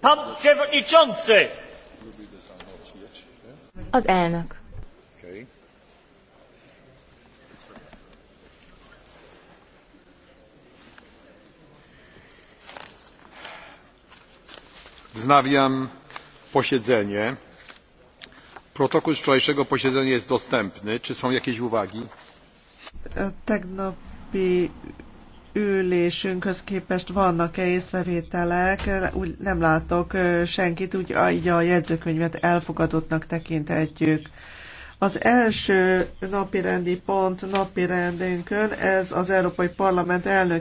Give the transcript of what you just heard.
Pan przewodniczący! Az elnök. Wznawiam posiedzenie. Protokół z wczorajszego posiedzenia jest dostępny. Czy są jakieś uwagi? Tegnapi ülésünkhöz képest vannak-e észrevételek? Úgy nem látok senkit, úgy így a jegyzőkönyvet elfogadottnak tekinthetjük. Az első napirendi pont napirendünkön ez az Európai Parlament elnök